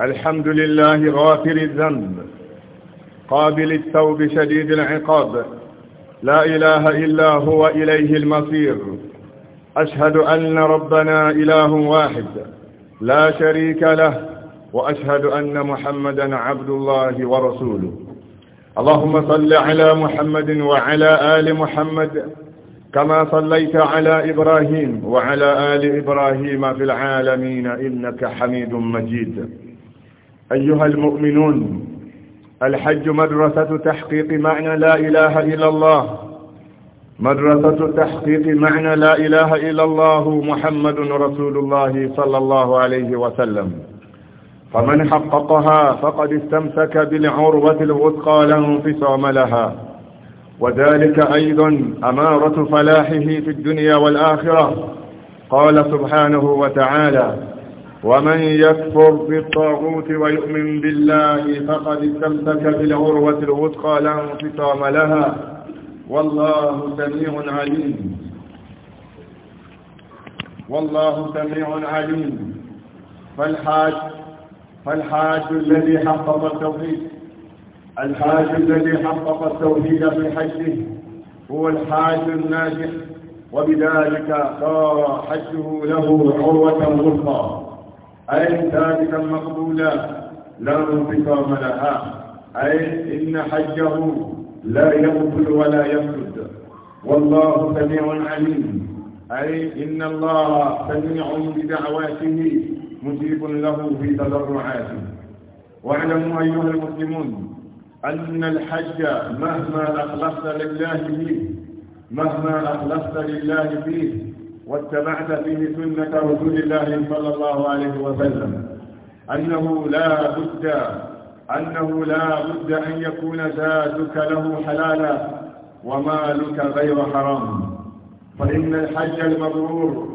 الحمد لله غافر الذنب قابل التوب شديد العقاب لا إله إلا هو إليه المصير أشهد أن ربنا إله واحد لا شريك له وأشهد أن محمدا عبد الله ورسوله اللهم صل على محمد وعلى آل محمد كما صليت على إبراهيم وعلى آل إبراهيم في العالمين إنك حميد مجيد أيها المؤمنون الحج مدرسة تحقيق معنى لا إله إلا الله مدرسة تحقيق معنى لا إله إلا الله محمد رسول الله صلى الله عليه وسلم فمن حققها فقد استمسك بالعروة الوثقى لا انفصام لها وذلك أيضا أمارة فلاحه في الدنيا والآخرة قال سبحانه وتعالى ومن يكفر بالطاغوت ويؤمن بالله فقد استمسك بالعروة الوثقى لا انفصام لها والله سميع عليم والله سميع عليم فالحاج فالحاج الذي حقق التوحيد الحاج الذي حقق التوحيد في حجه هو الحاج الناجح وبذلك صار حجه له عروة وثقى أي ثابتا مقبولا لا انفصام لها أي إن حجه لا يقبل ولا يفسد والله سميع عليم أي إن الله سميع بدعواته مجيب له في تضرعاته واعلموا أيها المسلمون أن الحج مهما أخلصت لله فيه مهما أخلصت لله فيه واتبعت فيه سنة رسول الله صلى الله عليه وسلم أنه لا بد أنه لا بد أن يكون ذاتك له حلالا ومالك غير حرام فإن الحج المبرور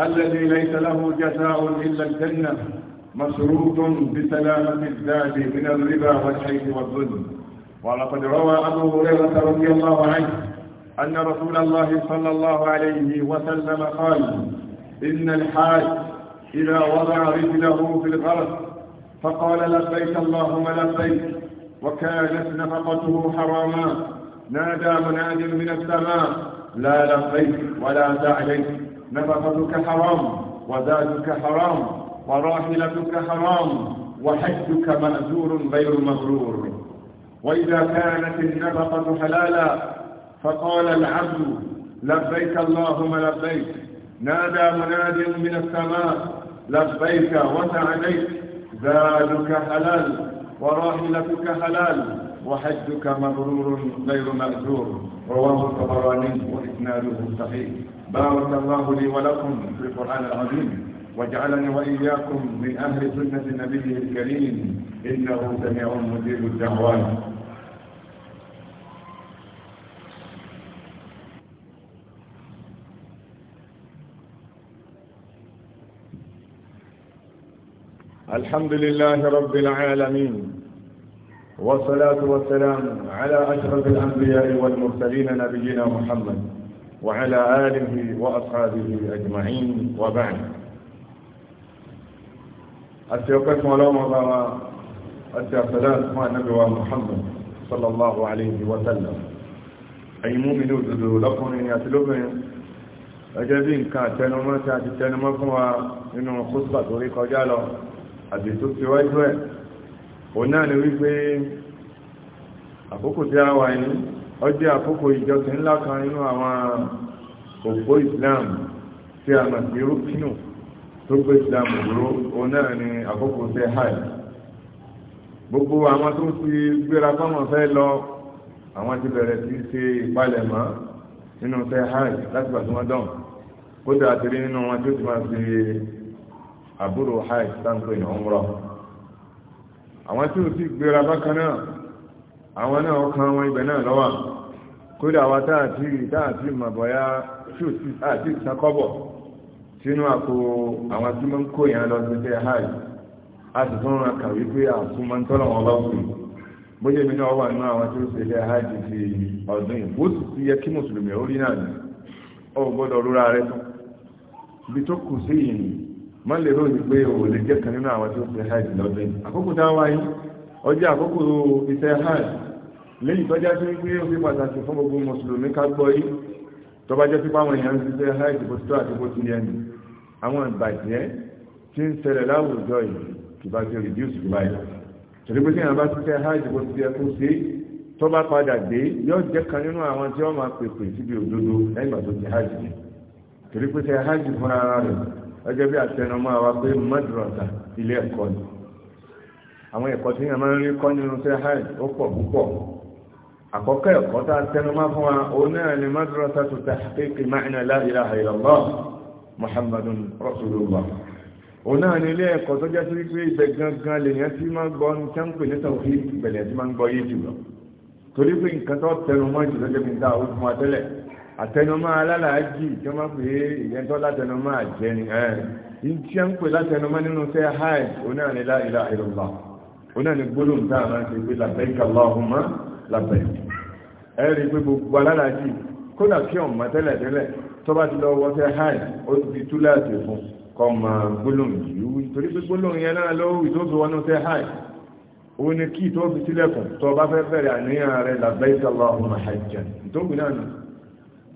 الذي ليس له جزاء إلا الجنة مشروط بسلامة الذات من الربا والحيث والظلم ولقد روى أبو هريرة رضي الله عنه أن رسول الله صلى الله عليه وسلم قال إن الحاج إذا وضع رجله في الغرس فقال لبيك اللهم لبيك وكانت نفقته حراما نادى مناد من السماء لا لبيك ولا تعليك نفقتك حرام وزادك حرام وراحلتك حرام وحجك مأجور غير مغرور وإذا كانت النفقة حلالا فقال العبد لبيك اللهم لبيك نادى مناد من السماء لبيك وسعديك زادك حلال وراحلتك حلال وحجك مبرور غير مأجور رواه الطبراني وإسناده صحيح بارك الله لي ولكم في القرآن العظيم واجعلني وإياكم من أهل سنة نبيه الكريم إنه سميع مجيب الدعوات الحمد لله رب العالمين والصلاة والسلام على أشرف الأنبياء والمرسلين نبينا محمد وعلى آله وأصحابه أجمعين وبعد أتيقف ملوم الله أتيقف مع النبي محمد صلى الله عليه وسلم أي مؤمن ذو لقن يتلبن أجابين كان تنمى كان تنمى إنه خطبة طريقة جاله àti tó ti wájú ẹ̀ o náà ni wípé àkókò tí a wà ní ọjọ́ àkókò ìjọsìn ńlá kan nínú àwọn òpó Islam tí a mọ̀ sí rúkínù tó gbé Islam òwúrò o náà ni àkókò tí a hàì gbogbo àwọn tó ti gbéra fọ́mọ̀ fẹ́ lọ àwọn ti bẹ̀rẹ̀ sí ṣe ìpalẹ̀mọ́ nínú fẹ́ hàì láti gbà tí wọ́n dán kódà àti rí nínú wọn tó ti máa fi àbúrò hajj sáńpé ní ọmọrọ àwọn tí ò sì gbéra bákan náà àwọn náà kan wọn ibẹ̀ náà lọ́wọ́ kódà wa táàtì táàtì màbọ̀yá tí sì táàtì sakọ́bọ̀ sínú àpò àwọn tí wọ́n ń kó hajj a sì tún ra kàwé pé àtúmọ̀ ń tọ́lọ̀ wọn bá wù bóyá èmi náà wà nínú àwọn tí ó hajj ti ọdún yìí bó sì ti yẹ kí mùsùlùmí náà ní ọ rúra rẹ tán ibi tó kù sí má lè rò ní pé o lè jẹ́ kan nínú àwọn tí ó fẹ́ hajj lọ́dún yìí àkókò tá a wáyé ọjọ́ àkókò iṣẹ́ hajj lẹ́yìn tọ́já sí pé ó fi pàtàkì fún gbogbo mùsùlùmí ká gbọ́ yìí tọ́ba jẹ́ pípa àwọn èèyàn ti fẹ́ hajj bó tó àti bó ti yẹ ni àwọn ìbàjẹ́ tí ń ṣẹlẹ̀ láwùjọ yìí kì bá ti reduce jù báyìí torí pé téèyàn bá ti fẹ́ hajj bó ti yẹ kó ṣe tọ́ba padà dé yóò jẹ́ kan nínú àwọn tí wọ́n máa pèpè síbi òdodo lẹ́yìn tó ti hajj torí pé tẹ hajj fúnra rẹ̀ ọjọ́ bí àtẹnumọ́ àwa pé madrasa ilé ẹ̀kọ́ ni àwọn ẹ̀kọ́ tí yàn máa ń rí kọ́ nínú tẹ́ hajj ó pọ̀ púpọ̀ àkọ́kọ́ ẹ̀kọ́ tá àtẹnumọ́ fún wa òun náà ni madrasa tó tahqiq ma'na la ilaha illallah muhammadun rasulullah òun náà ni ilé ẹ̀kọ́ tó jẹ́ sí pé ibẹ̀ gangan lèyàn tí máa gbọ́ ní tẹ́ǹpì ní tawhid ìbẹ̀lẹ̀ tí máa ń gbọ́ yé jùlọ torí pé nǹkan tó tẹnumọ́ jùlọ jẹ́ àtẹnumọ́ alálàájì tí wọ́n pè é ìyẹntọ́ látẹnumọ́ àjẹni ẹ̀ tí wọ́n pè látẹnumọ́ nínú sẹ́ hajj onáàni la ilaha illallah onáàni gbólóhùn tá a máa ṣe pé labbaik Allahumma labbaik ẹ̀ rí pé gbogbo alálàájì kódà kí ọ̀mọ tẹ́lẹ̀ tẹ́lẹ̀ tó bá ti lọ wọ sẹ́ hajj ó ti tú láti fún kọ́ máa gbólóhùn yìí wí torí pé gbólóhùn yẹn náà lọ́wọ́ ìtòsó wọnú sẹ́ hajj ó ní kí tó fi sílẹ̀kùn tó bá fẹ́ fẹ́rẹ̀ àníyàn rẹ̀ labbaik Allahumma hajjan ìtòkùn náà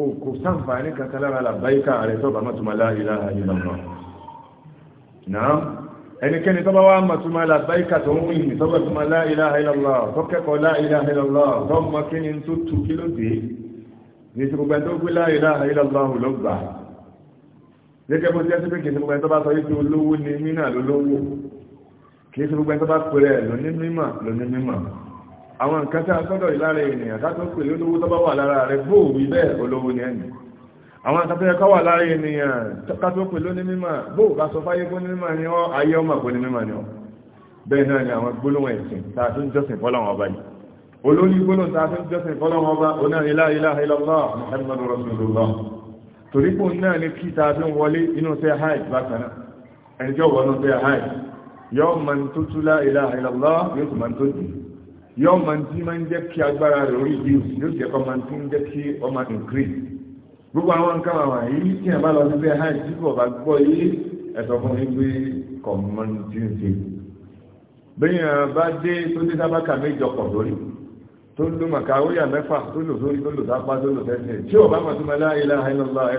o kò sáǹfààní kankan lára làbáyíká rẹ̀ tó bá mọ́túnmá la ilaha illallah náà ẹnikẹ́ni tó bá wá mọ́túnmá làbáyíká tó ń wíyìn tó bá túnmá la ilaha illallah tó kẹ́kọ̀ọ́ la ilaha illallah tó mọ́ kí ni tó tu kí ló dé ní ti gbogbo ẹni tó gbé la ilaha illallah ló gbà gẹ́gẹ́ bó ti ẹ́ sí pé kì tó bá sọ yìí tó lówó ni mí lólówó kì í tó bá pèrè lóní mímọ̀ lóní mímọ̀ àwọn nǹkan tí a sọ́dọ̀ ìlára ènìyàn tátó pè lólówó tó bá wà lára rẹ̀ bóòwí bẹ́ẹ̀ olówó ni ẹni àwọn nǹkan tó yẹ káwà lára ènìyàn tátó pè lóní mímọ̀ bóò bá sọ fáyé fún mímọ̀ ni ọ ayé ọmọ pé ní mímọ̀ ni ọ bẹ́ẹ̀ náà ni àwọn gbólóhùn ẹ̀sìn tá a tún jọ́sìn fọ́lọ́wọ́n ọba yìí olórí gbólóhùn tá a tún jọ́sìn fọ́lọ́wọ́n ọba oná ilá ilá ilá ilọ́lọ́ yọ ọmọ tí máa ń jẹ́ kí agbára rẹ̀ orí ìdí yóò jẹ́ ọmọ tí ń jẹ́ kí ọmọ increase gbogbo àwọn nǹkan àwọn yìí tí a bá lọ síbẹ̀ hajj tí kò bá gbọ́ yìí ẹ̀sọ̀ fún mi pé kọ̀mọ́ tí ń ṣe bẹ́yìn bá dé tó dé sábàkà méjọ pọ̀ lórí tó ń lo màkàwéyà mẹ́fà tó lò sórí tó lò sápá tó lò tẹ́sẹ̀ tí ò bá mọ̀ tó máa la ilaha illallah ẹ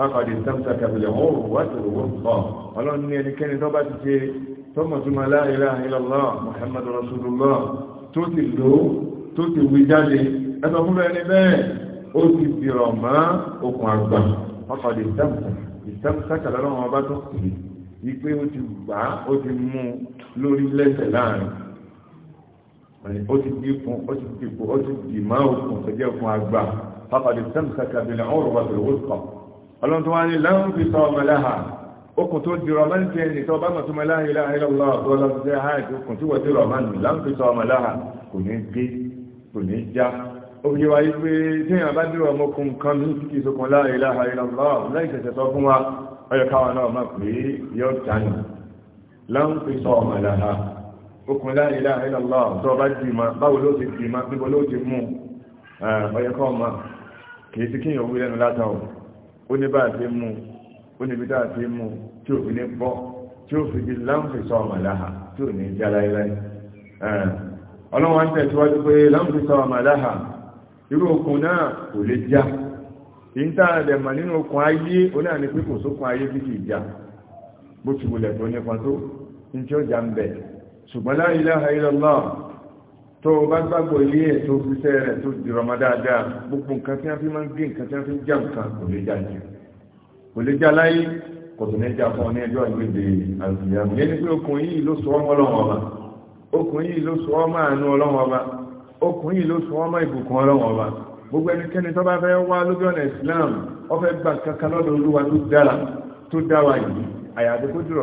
fákọ̀dé sẹ́mùsàkà bìlẹ̀ wọ́n wà tó wọ́n kọ́ ọlọ́run ní ẹnikẹ́ni tó bá ti ṣe tọ́mọ̀túnmọ̀ la ilaha illallah muhammadu rasulullah tó ti lò tó ti wí jáde ẹ̀sọ̀ fún ẹni bẹ́ẹ̀ ó ti dìrọ̀ mọ́ okùn àgbà fákọ̀dé sẹ́mùsàkà lọ́rọ̀ ọba tó kù wípé ó ti gbà ó ti mú lórí lẹ́sẹ̀ láàrin ó ti dìpọ̀ ó ti dìpọ̀ ó ti dìmọ́ okùn tó jẹ́ àgbà fákọ̀dé sẹ́mùsàkà bìlẹ̀ wọ́n ọlọ́run tó wá ní láwọn fi sọ ọmọ láhà okùn tó di rọmán tí ẹni tó bá mọ̀ tó mẹ́lá ilá ilọ́lọ́ ọlọ́run tó ha ìdókùn tí wọ́n ti rọmán láwọn fi sọ ọmọ láhà kò ní gé kò ní já ó fi wáyé pé téèyàn bá dúró ọmọkùn kan ní kí ìsokùn lá ilá ilọ́lọ́ láì tẹ̀sẹ̀ sọ fún wa ọyọ káwọn náà máa pè é yọ tánù láwọn sọ ọmọ láhà okùn lá ilá ilọ́lọ́ tó bá dì má báwo ló ti dì má níbo ló ti mú ọyọ káwọn máa kì í ti kíyàn owó lẹ́nu látàwọn ó ní bá àti mú ó níbi tá àti mú tí òfin ní bọ́ tí ó fi di láǹfìsọ ọmọláha tí ò ní já láíláí ọlọ́wọ́n ń tẹ̀síwájú pé láǹfìsọ ọmọláha irú okùn náà kò lè já ìta àdẹ̀mà nínú okùn ayé ó náà pé kò sókùn ayé bí kì í já bó ti wulẹ̀ tó nípa tó ní tí ó já ń bẹ̀ ṣùgbọ́n la ilaha illallah tó bá gbàgbọ́ ilé ẹ̀ tó fi sẹ́ rẹ̀ tó di rọmọ dáadáa gbogbo nǹkan tí wọ́n fi máa ń gbé nǹkan tí wọ́n fi ń nǹkan kò lè já jù kò lè já láyé kò tó ní já fún ọ ní ẹjọ́ ìgbèdè àlùfíàmù yẹn ni pé okùn yìí ló sọ ọmọ ọlọ́run ọba okùn yìí ló sọ ọmọ àánú ọlọ́run ọba okùn yìí ló sọ ọmọ ìbùkún ọlọ́run ọba gbogbo ẹnikẹ́ni tó bá fẹ́ wá Islam ó fẹ́ gbà kankan lọ́dọ̀ olúwa tó dára tó dáwà yìí àyàfi kó dúró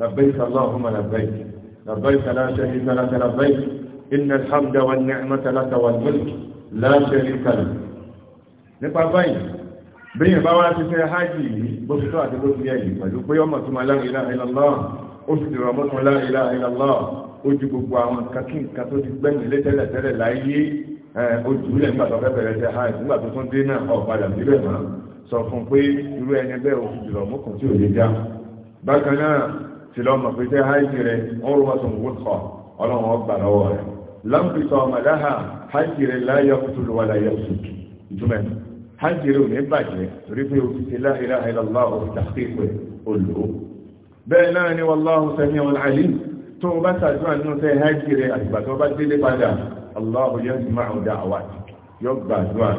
لبيك اللهم لبيك لبيك لا شريك لك لبيك إن الحمد والنعمة لك والملك لا شريك لك nípa báyìí bí yìnbá wá ti fẹ́ hajji yìí bó fi tó àti bó fi yẹ yìí pẹ̀lú pé ọmọ tó máa la ilaha illallah ó sì ti rọ̀mọ́ tó la ilaha illallah ó ju gbogbo àwọn kakí nǹkan tó ti gbẹ́yìn lé tẹ́lẹ̀ tẹ́lẹ̀ láyé ojú ilẹ̀ nígbà tó fẹ́ bẹ̀rẹ̀ ṣe hajj nígbà tó tún dé náà ọ̀padà síbẹ̀ mọ́ sọ fún pé irú ẹni bẹ́ẹ̀ ó fi jùlọ mọ́kàn tí ò lè já bákan náà tí lọ́ mọ̀ pé tẹ́ háìjì rẹ̀ ń rú wọ́n tó ń wọ́n kọ́ ọlọ́run ọgbà lọ́wọ́ rẹ̀ lọ́mpì sọ ọmọdáhà háìjì rẹ̀ láyé ọkùtùlù wà láyé ọ̀sùkì ìtumẹ̀ háìjì rẹ̀ ò ní bàjẹ́ torí pé o ti ṣe la ilaha illallah òfin tàkìkù ẹ̀ olùkó bẹ́ẹ̀ náà ni wallahu sami'un alim tó o bá ṣàdúrà nínú tẹ́ háìjì rẹ̀ tó bá délé padà Allahu yasma'u da'awatik yóò gbàdúrà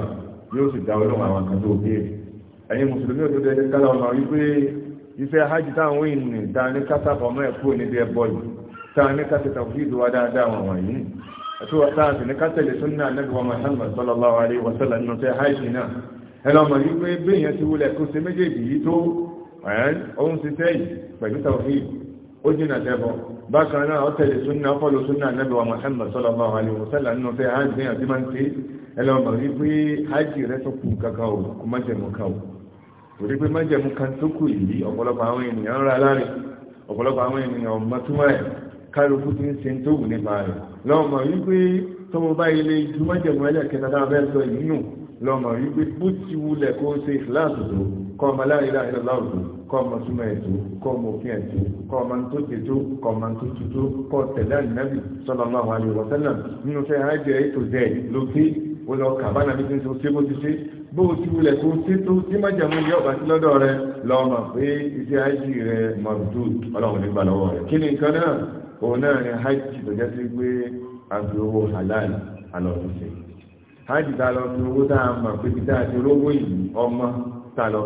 yóò sì dá olóhùn àwọn kan tó béèrè ẹ̀yin iṣẹ́ hajj táwọn ìnì dání kásàkọ̀ mọ́ ẹ̀kú níbi ẹbọ yìí táwọn ní kásẹ̀ tàwíìdù wá dáadáa wọn wọ̀nyí àti wọ́n táwọn sì ní kásẹ̀lẹ̀ sunna Ànábì wa Muhammad sallallahu alaihi wa sallam nínú iṣẹ́ hajj náà ẹnà ọmọ yìí pé bí èèyàn ti wulẹ̀ kó ṣe méjèèjì yìí tó òun ti tẹ́ yìí pẹ̀lú tàwíìdù ó jìnà tẹ́bọ̀ bákan Muhammad sallallahu alaihi wa sallam nínú iṣẹ́ hajj náà ti máa ń ṣe ẹnà ọmọ yìí pé hajj rẹ̀ tó kù kankan ò kò má jẹ̀mú kan ò torí pé májẹ̀mú kan tó kù yìí ọ̀pọ̀lọpọ̀ àwọn ènìyàn ń ra láre ọ̀pọ̀lọpọ̀ àwọn ènìyàn ọmọ tó wáyé kálukú ti ń ṣe tó wù nípa rẹ̀ lọ́mọ wípé tọmọ bá ilé ju májẹ̀mú ẹlẹ́ kẹtàdá abẹ́ sọ yìí nù lọ́mọ wípé bó ti wulẹ̀ kó ṣe ìfìláàsì tó kọ́ ọmọ aláìlá ìlọ́lá òtò kọ́ ọmọ súnmọ́ ẹ̀tọ́ ụlọ lọ na nàbí tí ụlọ so bó o ti wulẹ̀ kó ṣe tó tí má jẹun rẹ lọ́mọ pé iṣẹ́ ájì rẹ mọ̀rùtù ọlọ́run nígbà lọ́wọ́ rẹ nǹkan náà òun náà hajj tó pé halal ṣe hajj tá a lọ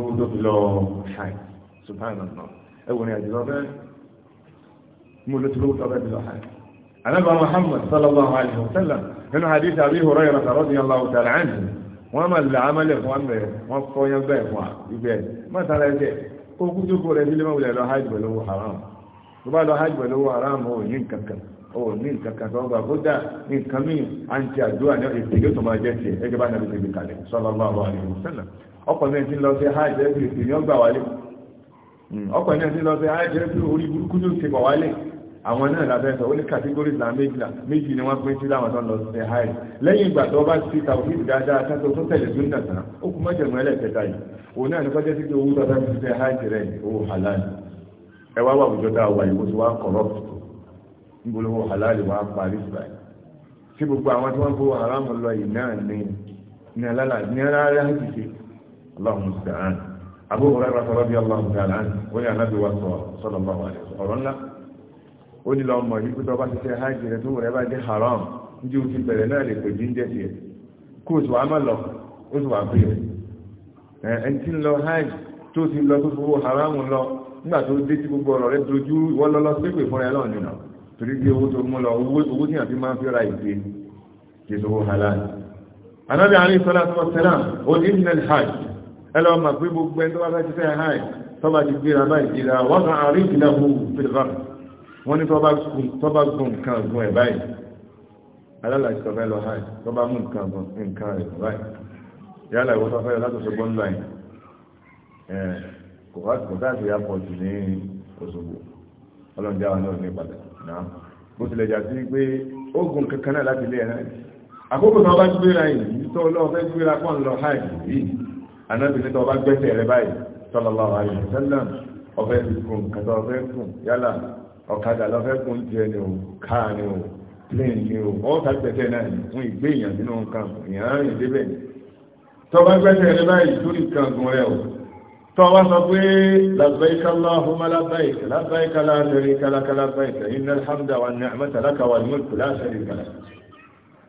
fi owó subhanallah ẹwùn ìrìn àjò ọbẹ̀ mú ló ti lówó tọ́bẹ̀ bí lọ́hàn anábà muhammad sallallahu alayhi wa sallam nínú hadith abi hurairah radiyallahu ta'ala anhu wọ́n máa lè amálẹ̀ fún àmì wọ́n kọ́ yẹn bẹ́ẹ̀ fún ibẹ̀ mọ́tàlá ẹ̀jẹ̀ ó kú jókòó rẹ̀ sílé mọ́wulẹ̀ lọ hajj pẹ̀lú haram tó bá lọ hajj pẹ̀lú haram ó ní nǹkankan ó ní nǹkankan tó ń gbà kó dà nǹkan mí à ń ti àdúrà ní ìpìlẹ̀ tó máa jẹ́ tiẹ̀ ẹgbẹ́ bá nàbẹ̀ tẹ̀lé kalẹ̀ sallallahu alayhi wa sallam ọkọ̀ mẹ́rin ti lọ sí hajj ẹ̀ Hmm. ọkọ̀ ẹ̀nà tí lọ sí ààjẹ́ ah, pé orí burúkú ló ti bọ̀ wálẹ̀ àwọn náà lábẹ́ sọ ó ní kàtígórì là méjìlá méjì ni wọ́n pín sí láwọn tó ń lọ sí ààrẹ lẹ́yìn ìgbà tó bá ti tàwọn fíìsì dáadáa sátó tó tẹ̀lé tó ń nà tán ó kú mọ́jẹ̀mú ẹlẹ́kẹta yìí òun náà ní kọjá sí pé owó tó bá ti fẹ́ ààrẹ rẹ̀ owó halal ẹ wá wà àwùjọ dáa wà yìí kó tó wá corrupt níbo lówó halal wà á parí báyìí sí gbogbo àwọn tí wọ́n fowó haram lọ yìí náà ní ní alálàá ní alálàá Abu Hurairah radiyallahu ta'ala anhu ó ní ànábì wa sọ sallallahu alaihi wasallam ọ̀rọ̀ ńlá ó ní lọ mọ̀ yíkú tó bá ti ṣe hajj rẹ̀ tó rẹ̀ bá jẹ́ haram níbi ó ti bẹ̀rẹ̀ náà lè pè jíjẹ́ sí ẹ̀ kó oṣù àmà lọ oṣù àbí rẹ̀ ẹni tí ń lọ hajj tó ti lọ tó fowó haram lọ nígbà tó dé tí gbogbo ọ̀rọ̀ rẹ̀ dojú wọ́n lọ́lọ́ pépè fúnra ẹ̀ lọ́ọ̀ nínú torí bí owó tó mú lọ owó tí àfi máa fi ra ìpè kí owó halal. anábì àárín sọ́lá sọ́lá ó ní ìnẹ̀lì hajj ẹlọ ma pé gbogbo ẹni tó bá fẹ́ ti fẹ́ hàn tọ́ba ti gbéra báyìí ìlà wọ́n kan àárín ìlà mú fìlìfà wọ́n ní tọ́ba gùn nǹkan gùn ẹ̀ báyìí alálàájì tọ́ba ẹ lọ hàn tọ́ba mú nǹkan gùn nǹkan rẹ̀ báyìí yálà ìwọ́n tọ́fẹ́ yọ látọ̀sọ gbọ́n láì kò wá kò sáàtì ya pọ̀ jù ní Òṣogbo ọlọ́njà bó tilẹ̀ jà sí pé ó gùn láti ilé ẹ̀ àkókò tó bá gbéra yìí tó lọ́ọ́ fẹ́ gbéra pọ̀ lọ hàn yìí anábì ní tọ́ba gbẹ́sẹ̀ rẹ báyìí sallallahu alaihi wasallam ọ̀fẹ́ ti kùn kẹta ọ̀fẹ́ kùn yálà ọ̀kadà lọ́fẹ́ kùn tiẹ̀ ni o káà ni o plane ni o ọ̀ ta gbẹ́sẹ̀ náà fún ìgbé èèyàn nínú nǹkan èèyàn á rìn débẹ̀ tọ́ba gbẹ́sẹ̀ rẹ báyìí sórí kan gun rẹ o tọ́wọ́ sọ pé labbaika Allahumma labbaika labbaika la sharika laka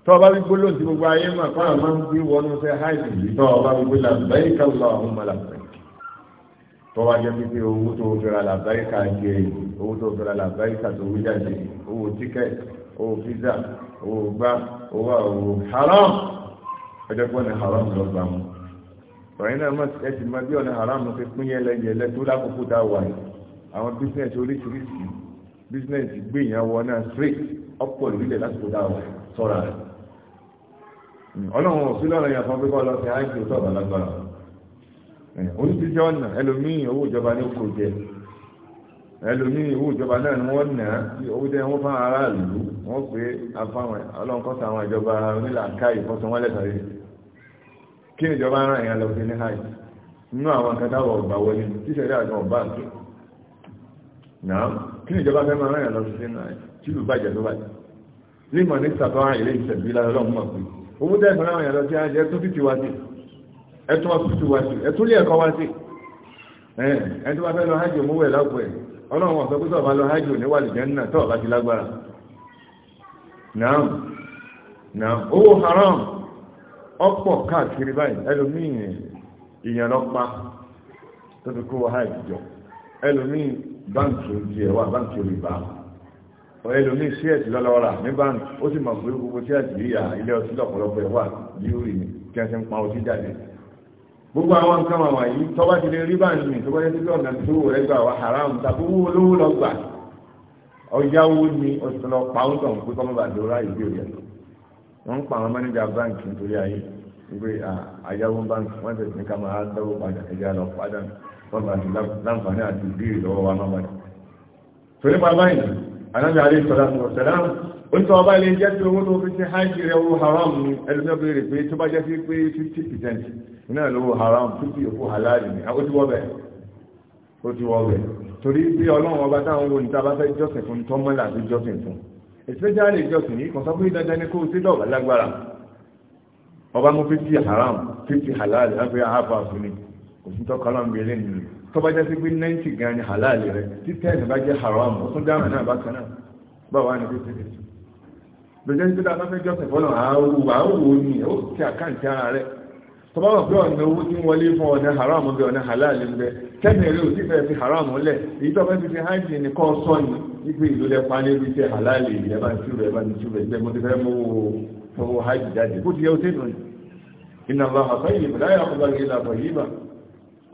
tọ́ọ̀bá wí gbólóhùn tí gbogbo ayé mà fún àwọn máa ń gbé wọnú sẹ́ háìsì yìí tọ́ọ̀bá wí gbé làbẹ́ríkà Allahumma làbẹ́ríkà tọ́wá jẹ́ pípé owó tó fẹ́ra làbẹ́ríkà jẹ owó tó fẹ́ra làbẹ́ríkà tó wí jáde owó tíkẹ́ẹ̀tì owó fíìsà owó gbá owó owó haram ọjọ́ pé ọ̀nà haram lọ gbà mú ọ̀yìn náà ẹ ti mọ bí ọ̀nà haram ti pín yẹlẹ tó lákòókò dá wà yìí àwọn bísíǹsì oríṣiríṣi bísíǹsì gbìyànwọ́ náà straight ọ̀pọ̀ ìrìlẹ̀ lásìkò dá wà sọ́ra rẹ̀ Mm. ọlọ́run òfin lọ́rọ̀ yẹn fún pípọ́ lọ́sẹ̀ àìsí tó ọ̀bà lágbára eh, oníṣiṣẹ́ ọ̀nà ẹlòmíì owó ìjọba ní kò jẹ ẹlòmíì owó ìjọba náà ni wọ́n nà á owó jẹ́ wọ́n fáwọn aráàlú wọ́n pé afáwọn ọlọ́run kọ́sà àwọn ìjọba onílà káyì fọ́sọ wọn lẹ́sàrí kí ìjọba ara èèyàn lọ sí ní háì nínú àwọn nǹkan táwọn ọgbà wọlé tíṣẹ̀lẹ̀ àjọ ọba àti náà kí ìjọba fẹ́ máa rán èèyàn lọ sí ní háì tí ìlú bàjẹ́ tó bàjẹ́ límọ̀ ní sàtọ́ àìlè ìṣẹ̀bí lára ọlọ́run mọ̀ pé owó tẹ́ ìfẹ́ láwọn tí a jẹ́ ẹ̀tún Etu wá sí ẹ̀tún ọ̀tútù wá sí ẹ̀tún lé ẹ̀kọ́ wá sí ẹ̀tún wá fẹ́ lọ hajj mú wẹ̀ lápò ẹ̀ ọlọ́run ọ̀sọ́ pé sọ̀bá lọ hajj ti lágbára owó haram ọ̀pọ̀ káàkiri báyìí ẹlòmíì ìyàn lọ pa tó fi kó hajj jọ ẹlòmíì báńkì òjì báńkì ọ̀rẹ́ lomi sí ẹ̀sì lọ́lọ́wọ́ rà ní báńkì ó sì mọ̀ pé gbogbo tí àti ilé ọtí lọ́pọ̀lọpọ̀ ẹ̀wà ni kí ti ń pa jáde gbogbo àwọn nǹkan wà wáyé tọ́ba ti lè rí báńkì mi tọ́ba ti lè ọ̀nà tó rẹ̀ gbà wá haram tàbí owó olówó lọ gbà ọ̀yáwó ni ọ̀sọ̀lọ̀ pé bá dé rẹ̀ wọ́n ń pa àwọn mẹ́nẹ́jà anábì alẹ́ ìsọ̀lá tó wọ̀sẹ̀lá ó ní sọ ọba ilé jẹ́ tí owó tó fi ṣe hajj rẹ̀ owó haram ní ẹlòmíràn béèrè pé tó bá jẹ́ sí pé fifty percent náà lówó haram fifty òkú halal ni ó ti wọ́ bẹ̀ ó ti wọ́ bẹ̀ torí bí ọlọ́run ọba táwọn wo níta bá fẹ́ jọ́sìn fún tọ́mọ́lá àti jọ́sìn fún especially jọ́sìn yìí kọ̀sọ́ pé dandan òsìtọ́ kọlọ́mbì eléyìí rẹ̀ tó bá jẹ́ sí pé 90 gan ni halali rẹ̀ tí 10 bá jẹ́ haram ó tún dáhùn náà bákan náà báwa ni kó tètè tó lójẹ́ sí pé dáadáa fẹ́ jọ́sẹ̀ fọ́lọ̀ àáwò àáwò ni ó ti àkáǹtì ara rẹ̀ tó bá wà pé ọ̀nà owó tí ń wọlé fún ọ̀nà haram bẹ ọ̀nà halali bẹ kẹ́mi rẹ̀ ò sì fẹ́ fi haram lẹ̀ èyí tó fẹ́ fi fi hajj ni kọ́ sọ ni wípé ìlú lẹ pa iṣẹ́ halali ẹ̀ ń túbẹ̀ ẹ̀ ń túbẹ̀ ẹ̀ mo ti fẹ́ mú owó hajj jáde bó ti yẹ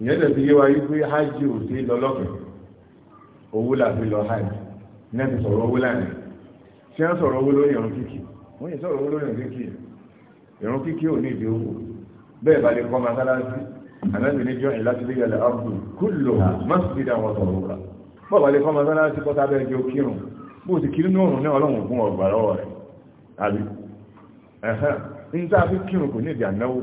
ìyẹn tẹ̀sí yé wa wípé hajj ò sí lọ́lọ́fẹ̀ owó là fi lọ hajj náà ti sọ̀rọ̀ owó lánàá tí wọ́n sọ̀rọ̀ owó lórí ìrun kíkì wọ́n yìí sọ̀rọ̀ owó lórí ìrun kíkì ìrun kíkì ò ní ìdí owó bẹ́ẹ̀ bá lè kọ́ masalasi ànábì ní jọ́ ìlàsílẹ̀ yàrá àbù kúlò dá wọn sọ̀rọ̀ owó bọ́ọ̀ bá lè kọ́ masalasi kọ́ sábẹ́ ẹjọ́ kírun bó ti kiri nínú ní ọlọ́run fún ọgbà lọ́wọ́ rẹ̀ àbí ẹ̀hán ń tá a fi kírun kò ní ìdí ànáwó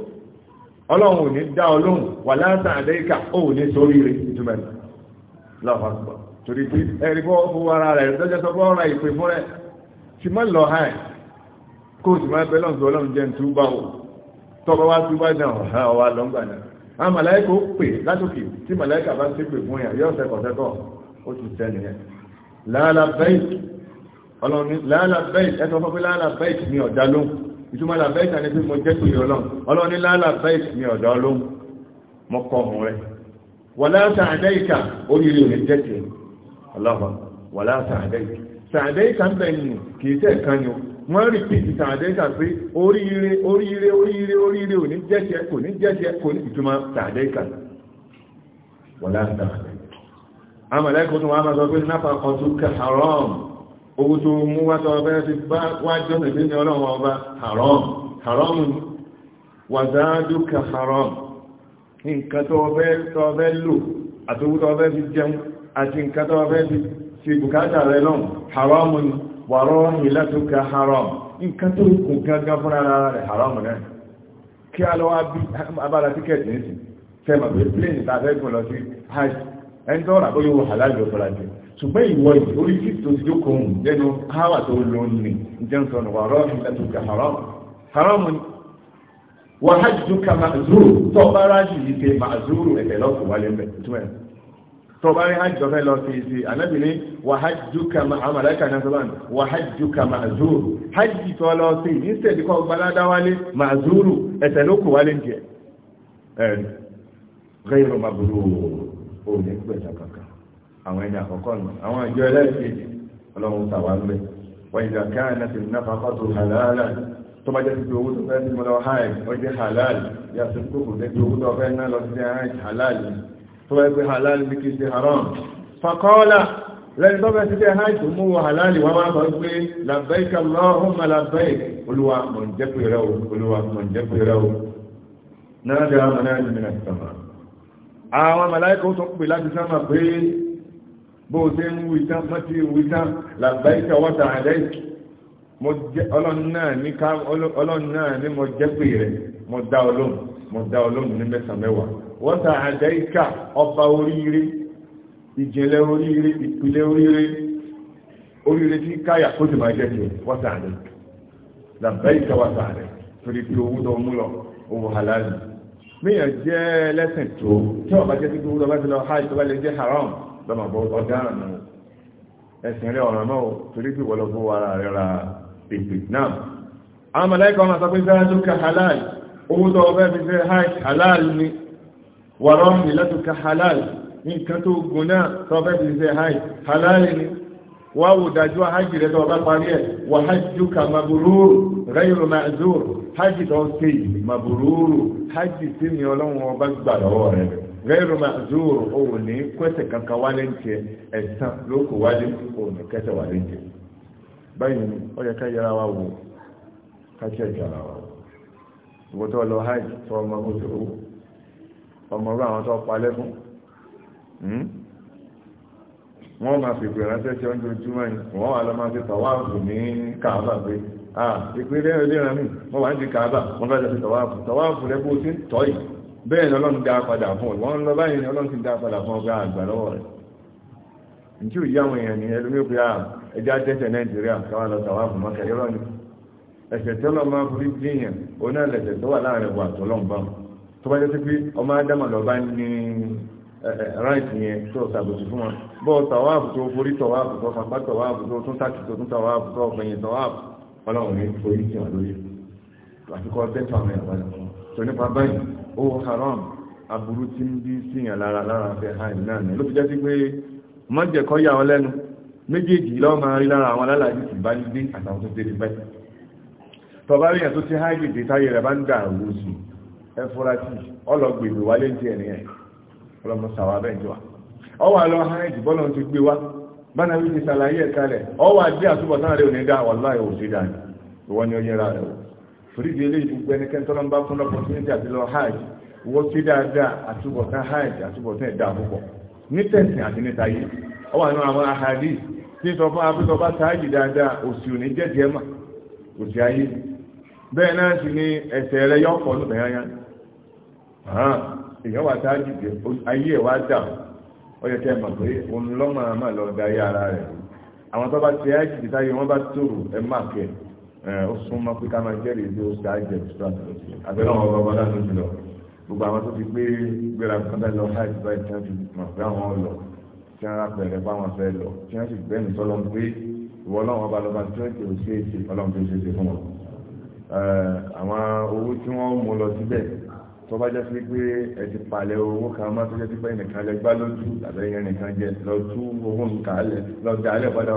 ọlọ́run ò ní dá ọlọ́run wà látàn àdẹ́ríkà ó ní sórí rẹ̀ ìtumẹ̀ lọ́fàgbọ́ torí pé ẹ̀rí bọ́ fún ara rẹ̀ lọ́jọ́ sọ bọ́ ọ̀rọ̀ ìpè fún rẹ̀ ti má lọ ha ẹ̀ kó o sì máa bẹ́ lọ́n sọ ọlọ́run jẹ́ ntúbà o tọ́ba wá túbà náà ọ̀há ọ̀wá lọ́ngbà náà a màláìkà ó pè látòkè tí màláìkà bá ṣépè fún yà yọ ọ̀sẹ̀kọ̀sẹ̀kọ̀ ó ti tẹ́ nìyẹn láàlà bẹ́ẹ̀kì ọlọ́run láàlà bẹ́ẹ̀kì ẹ ìtumọ̀ làbẹ́ẹ̀tì àti pé mo jẹ́ pé ọlọ́run ọlọ́run ní lálàbẹ́ẹ̀tì ní ọ̀dọ́ ọlọ́run mọ́ kọ́ ọ̀hún rẹ̀ wọ̀lá sàádẹ́ìkà oríire rẹ̀ jẹ́ tiẹ̀ ọlọ́run wọ̀lá sàádẹ́ìkà sàádẹ́ìkà ń bẹ̀ nù kì í tẹ̀ kan yóò wọ́n rí pìtì tààdẹ́ta pé oríire oríire oríire oríire ò ní jẹ́ṣẹ́ kò ní owó tó mú wátọ́ ọbẹ̀ fi bá wájọ́ ìdí ní ọlọ́run ọba haram haram wàzádùkà haram nǹkan tó ọbẹ̀ lò àtòwú tó ọbẹ̀ fi jẹun àti nǹkan tó ọbẹ̀ fi ṣe bùkátà rẹ lọ́n haram wàrọ́ ìlàtòkà haram nǹkan tó kù gángan fún ara rẹ̀ haram náà kí a lọ wá bí abára tíkẹ̀tì nísìn fẹ́mà pé pléènì tàbẹ́gùn lọ sí hajj ẹni tó rà bóyá wọ ṣùgbọ́n ìwọ orí tí tó ti jókòó hùn lẹ́nu háwà tó lò ní jẹun sọ̀nà wà rọ́ọ̀mù lẹ́tọ̀ kà haram haram ni wà á jù ká máa zúrù tó bá rájì yìí ṣe máa zúrù ẹ̀fẹ̀ lọ́kùn wálé ń bẹ̀ tó ẹ̀ tó bá rí hajj ọ̀fẹ́ lọ sí ṣe anábìrin wà á jù ká máa amàlẹ́kà náà sọ́bà ní wà á jù ká máa zúrù hajj tó lọ sí ní sẹ́ẹ̀dì kọ́ gbalada wálé máa zúrù ẹ̀fẹ̀ lọ́kùn wálé ń jẹ ẹ̀ gẹ́rù màbúrò òun ẹgbẹ̀ta kankan àwọn ẹni àkọ́kọ́ nù àwọn ìjọ ẹlẹ́ẹ̀kejì ọlọ́run tàwa ń bẹ̀ wọ́n ìjà káà náà ti náfà kọ́tù halálà tó bá jẹ́ ti owó tó fẹ́ sí mọ́lọ́ hajj ó jẹ́ halal yà sí kókò jẹ́ ti owó tó fẹ́ náà lọ sí hajj halal tó bá gbé halal bí kì í ṣe haram fakọ́ọ́lá lẹ́ni tó fẹ́ sí pé hajj tó mú wọ halal wà máa sọ pé labbaik Allahumma labbaik olúwa mọ̀ olúwa mọ̀ ń jẹ́ pé rẹ o náà dẹ́ àwọn pè láti bó o ṣe ń wí tán má ti wí tán làbáyíkà wọ́ta àdáyìkì ọlọ́run náà ní mo jẹ́ pé rẹ̀ mo dá ọlọ́run mo dá ọlọ́run ní mẹ́sàn-án mẹ́wàá wọ́ta àdáyíkà ọba oríire ìjìnlẹ̀ oríire ìpìlẹ̀ oríire oríire tí káyà kó ti máa jẹ́ pé wọ́ta àdáyìkà làbáyíkà wọ́ta àdáyìkà torí pé owó tó mú lọ owó halali míyàn jẹ́ lẹ́sìn tó tí ọba jẹ́ pé owó tó bá ti lọ hajj tó lọ́mọ bọ́ ọ̀daràn náà ẹ̀sìn rẹ̀ ọ̀ràn náà torí pé wọ́lọ́ fún ara rẹ̀ ra pèpè náà àwọn mọ̀lẹ́kọ̀ ọmọ sọ pé sára tó ka halal owó tó ọbẹ̀ fi fẹ́ hajj halal ni wàrọ̀ ní lọ́tò ka halal ní nǹkan tó gùn náà tó ọbẹ̀ fi fẹ́ hajj halal ni wà wò dájú hajj rẹ̀ tó ọbẹ̀ parí ẹ̀ wà hajj ka maburúrù ghayru ma'zur hajj tó ń ṣe yìí maburúrù hajj tí mi ọlọ́run ọba gbà lọ́wọ́ rẹ̀ gairu ma'zuru o ne kwata kanka walinke ẹ̀sán lóko wájú o ne kẹta walinke báyìí ni ó yẹ ká yẹra wa wò ká kí ẹ̀jẹ̀ ara hajj tó ọmọ oṣù wọ́n fi ìpè ránṣẹ́ tí ó ń dojúmọ́ yìí wọ́n wà lọ máa fi ní pé ah ìpínlẹ̀ ìlera mi wọ́n wà ń di wọ́n fẹ́ bẹ́ẹ̀ lọ́lọ́run dá padà fún wọ́n lọ báyìí ọlọ́run ti dá padà fún ọgbà àgbà lọ́wọ́ rẹ̀ nítí ò yáwọn èèyàn ní ẹlú yá ẹjá tẹ́sẹ̀ nàìjíríà káwà lọ tàwà fún mọ́kà yọ́rọ̀ ni ẹ̀ṣẹ̀ tọ́lọ máa forí gbìyàn òun náà lẹ̀ṣẹ̀ tó wà láàrin wà tọ́lọ́n bá tó bá jẹ́ sí pé ọmọ lọ bá ní yẹn tó ṣàbòsí fún wọn bọ́ tàwà forí ó haram aburú tí ń bí síyàn lára lára fẹ́ ha náà ló fi jẹ́ sí pé mọ́jẹ̀kọ́ yà lẹ́nu méjèèjì lọ́wọ́ máa rí lára àwọn alálàájì bá àtàwọn tó tọba rí ti táyé rẹ̀ bá ń dà wò sí ẹ wálé ń tiẹ̀ nìyẹn ọlọ́mọ sàwà bẹ́ẹ̀ jọ ti gbé wa bánà wí ti ẹ̀ kalẹ̀ rẹ̀ torídìí eléyìí gbogbo ẹnikẹ́ni tọ́lọ́ ń bá fún àti lọ hajj wọ́n kí dáadáa àtúbọ̀tán hajj àtúbọ̀tán ẹ̀dá púpọ̀ ní tẹ̀sìn àti níta yìí ọ wà nínú àwọn ahadi tí ń sọ fún abúlé ọba sáájì dáadáa òsì òní jẹ́jẹ́ mà òsì ayé bẹ́ẹ̀ náà sì ni ẹsẹ̀ rẹ yọ pọ̀ èèyàn wà sáájì jẹ ayé ẹ̀ wá dà ó yẹ kẹ́ pé òun lọ́mọ àmà ó súnmọ́ pé ká máa jẹ́rìí bí ó ṣáájẹ̀ ìṣúra àbẹ́lẹ́ ọmọ ọba ọba lójú lọ gbogbo àwọn tó ti gbé gbéra kọ́ńtà lọ láìsí báyìí tí wọ́n ti mọ̀ pé àwọn lọ tí wọ́n rápẹ̀rẹ̀ bá wọn fẹ́ lọ tí wọ́n sì gbẹ́mí sọ́lọ́ pé ìwọ ọlọ́run ọba lọ́ba tí wọ́n ti ò ṣe é ṣe ọlọ́run tó ṣe é ṣe fún wọn. àwọn owó tí wọ́n mú lọ síbẹ̀ tó bá jẹ́ sí pé ẹ ti palẹ̀ owó kan máa tó jẹ́ sí pé ẹnìkan lẹ gbá lójú àbẹ́ yẹn nìkan jẹ lọ tú owó nǹkan lẹ lọ dà padà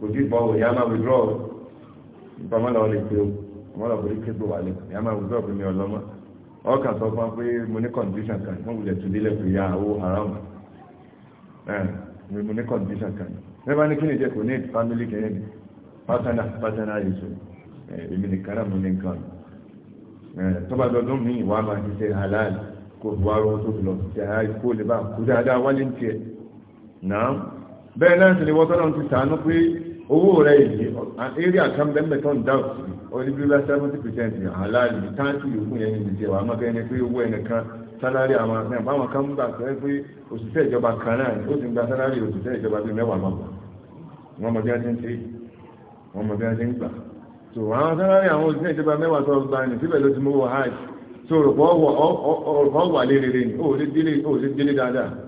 kò sí ìbọ̀wò ìyá máa withdraw nǹkan mọ́lá wọlé pé o mọ́lá wọlé pé gbò wà lẹ́kọ̀ọ́ ìyá máa wù sọ́ọ̀kù ní ọlọ́mọ ọkà sọ fún wa pé mo ní condition kan mo wulẹ̀ tún lílẹ̀ pé ya owó haram mo ní condition kan lẹ́bàá ní kí ni jẹ́ kò ní family kìíní ni pátánà pátánà yìí èmi nìkan bẹ́ẹ̀ náà sì ni wọ́n tọ́lọ́ ti sàánú pé owó rẹ̀ yìí eré àkànbẹ́mẹ́tọ́ ń dáhùn sí oníbílá 70% àláàlì táǹkì yòókù yẹn ní ìjẹ́ wa mọ́bẹ́ ẹni pé owó ẹnìkan sálárì àwọn akẹ́yìn báwọn kan ń gbà pé pé òṣìṣẹ́ ìjọba kan náà ó ti ń gba sálárì òṣìṣẹ́ ìjọba bíi mẹ́wàá mọ́ wọn mọ bí wọ́n ti ń ṣe wọn mọ bí ti ń gbà so àwọn sálárì àwọn òṣìṣẹ́ ìjọba mẹ́wàá tó gba síbẹ̀ ló ti mú so wà lérere ni ó lè délé dáadáa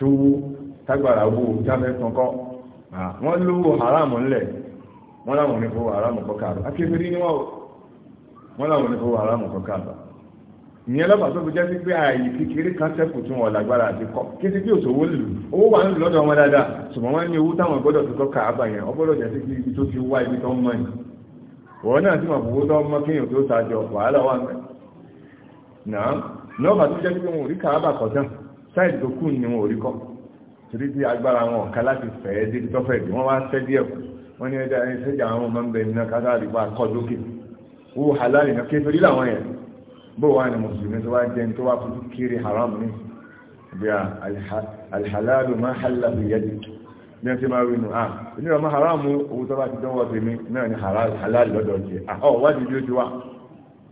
tó tágbàrà owó jáfẹ́ kankan wọ́n lówó haram ńlẹ̀ wọ́n láwọn ní fowó haram kọ́kà àbá akéferí ni wọ́n wọ́n láwọn ní fowó haram kọ́kà àbá ìyẹn lọ́pàá tó fi jẹ́ sí pé ààyè kékeré kan sẹ́kù tí wọ́n lágbára àti kọ́ kété bí òṣòwò lù owó wà nílùú lọ́dọ̀ wọn dáadáa ṣùgbọ́n wọ́n ní owó táwọn gbọ́dọ̀ fi kọ́kà àbá yẹn ọgbọ́dọ̀ jẹ́ sí pé ibi tó fi wá ibi tó ń mọ̀ yìí wọ́n náà tí wọ́n fowó tó ń mọ́ kéèyàn tó sájọ wàhálà wà ń bẹ̀ náà lọ́pàá tó jẹ́ sí pé wọn ò rí kàábà kọjá sáìdì tó kù ni wọn ò rí kọ́ torí tí agbára wọn ọ̀ka láti fẹ́ ẹ́ débi tọ́fẹ́ dì wọ́n wá sẹ́ díẹ̀ kù wọ́n ní ẹja ẹni sẹ́jà àwọn ọmọ ń bẹ nínú kátà rí bá kọ́ lókè wó halali náà kéferí làwọn yẹn bó wà ní mùsùlùmí tó wá jẹun tó wá fojú kiri haram ní bí i alhalalu máa halalu yẹdi bí wọ́n ti máa rí nu à onírọ̀ máa haram owó tó bá ti dánwọ́ tèmi náà ni halal lọ́dọ̀ jẹ ọ̀ wádìí bí ó ti wá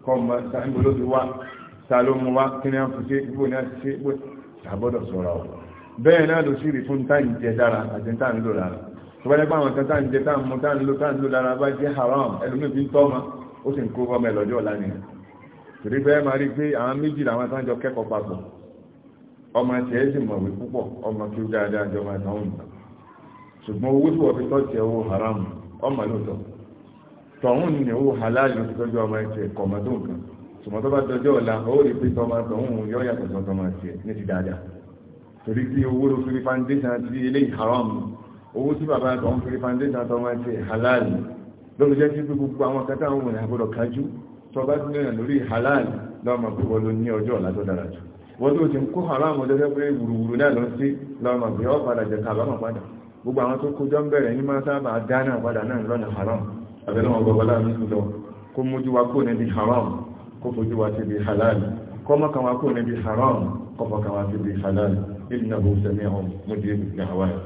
kọ́ ọmọ sáńgbó ló ti wá sálómù wá kí ni fi ṣe bó ni wọ́n ti ṣe àbọ́dọ̀ sọ́ra ọ̀ bẹ́ẹ̀ náà ló sì fún táì dára àti táà ń tó mu haram fi ń tọ́ ma ó sì ń kó ẹlọ́jọ́ torí bẹ́ẹ̀ máa rí pé àwọn méjì làwọn kẹ́kọ̀ọ́ papọ̀ ọmọ sì mọ̀wé púpọ̀ ọmọ ó dáadáa jọ máa haram ọmọ lóòótọ́ tọ̀hún ni owó halal ló fi tọ́jú ọmọ ẹ̀kọ́ ṣùgbọ́n tó bá dọjọ́ ọ̀la ó rí pé tọmọ tọ̀hún yọ yàtọ̀ sọ tọmọ tiẹ̀ ní ti dáadáa torí kí owó ló fi foundation ti ilé haram owó tí bàbá tọ̀hún fi foundation tọmọ tiẹ̀ halal lórí jẹ́ sí gbogbo àwọn kẹta àwọn òun àgbọ̀dọ̀ kájú tó bá ti lẹ́yìn lórí halal lọ́mọ pé wọ́n ló ní ọjọ́ ọ̀la tó dára jù wọ́n tó ti ń kó haram ọjọ́ pé wùrùwùrù náà lọ sí lọ́mọ pé ọ́ padà jẹ kábàámọ̀ padà gbogbo àwọn tó kójọ ń bẹ̀rẹ̀ ní máa sábà haram àbẹ̀lọ́wọ̀n gbọ́gbọ́lá mi lọ kó mójú wa kó ní haram kó fojú wa ti bí halal kọ́mọ́ kan wá kó níbi haram kọ́mọ́ kan wá ti bí halal innahu sami'un mujib ní hawaii